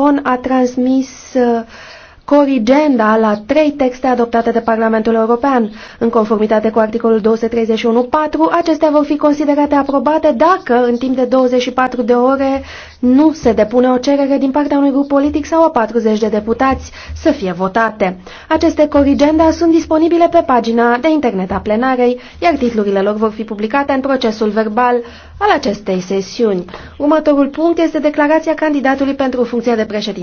Con a transmis uh, corigenda la trei texte adoptate de Parlamentul European. În conformitate cu articolul 231.4, acestea vor fi considerate aprobate dacă, în timp de 24 de ore, nu se depune o cerere din partea unui grup politic sau a 40 de deputați să fie votate. Aceste corigenda sunt disponibile pe pagina de internet a plenarei, iar titlurile lor vor fi publicate în procesul verbal al acestei sesiuni. Următorul punct este declarația candidatului pentru funcția de președinte.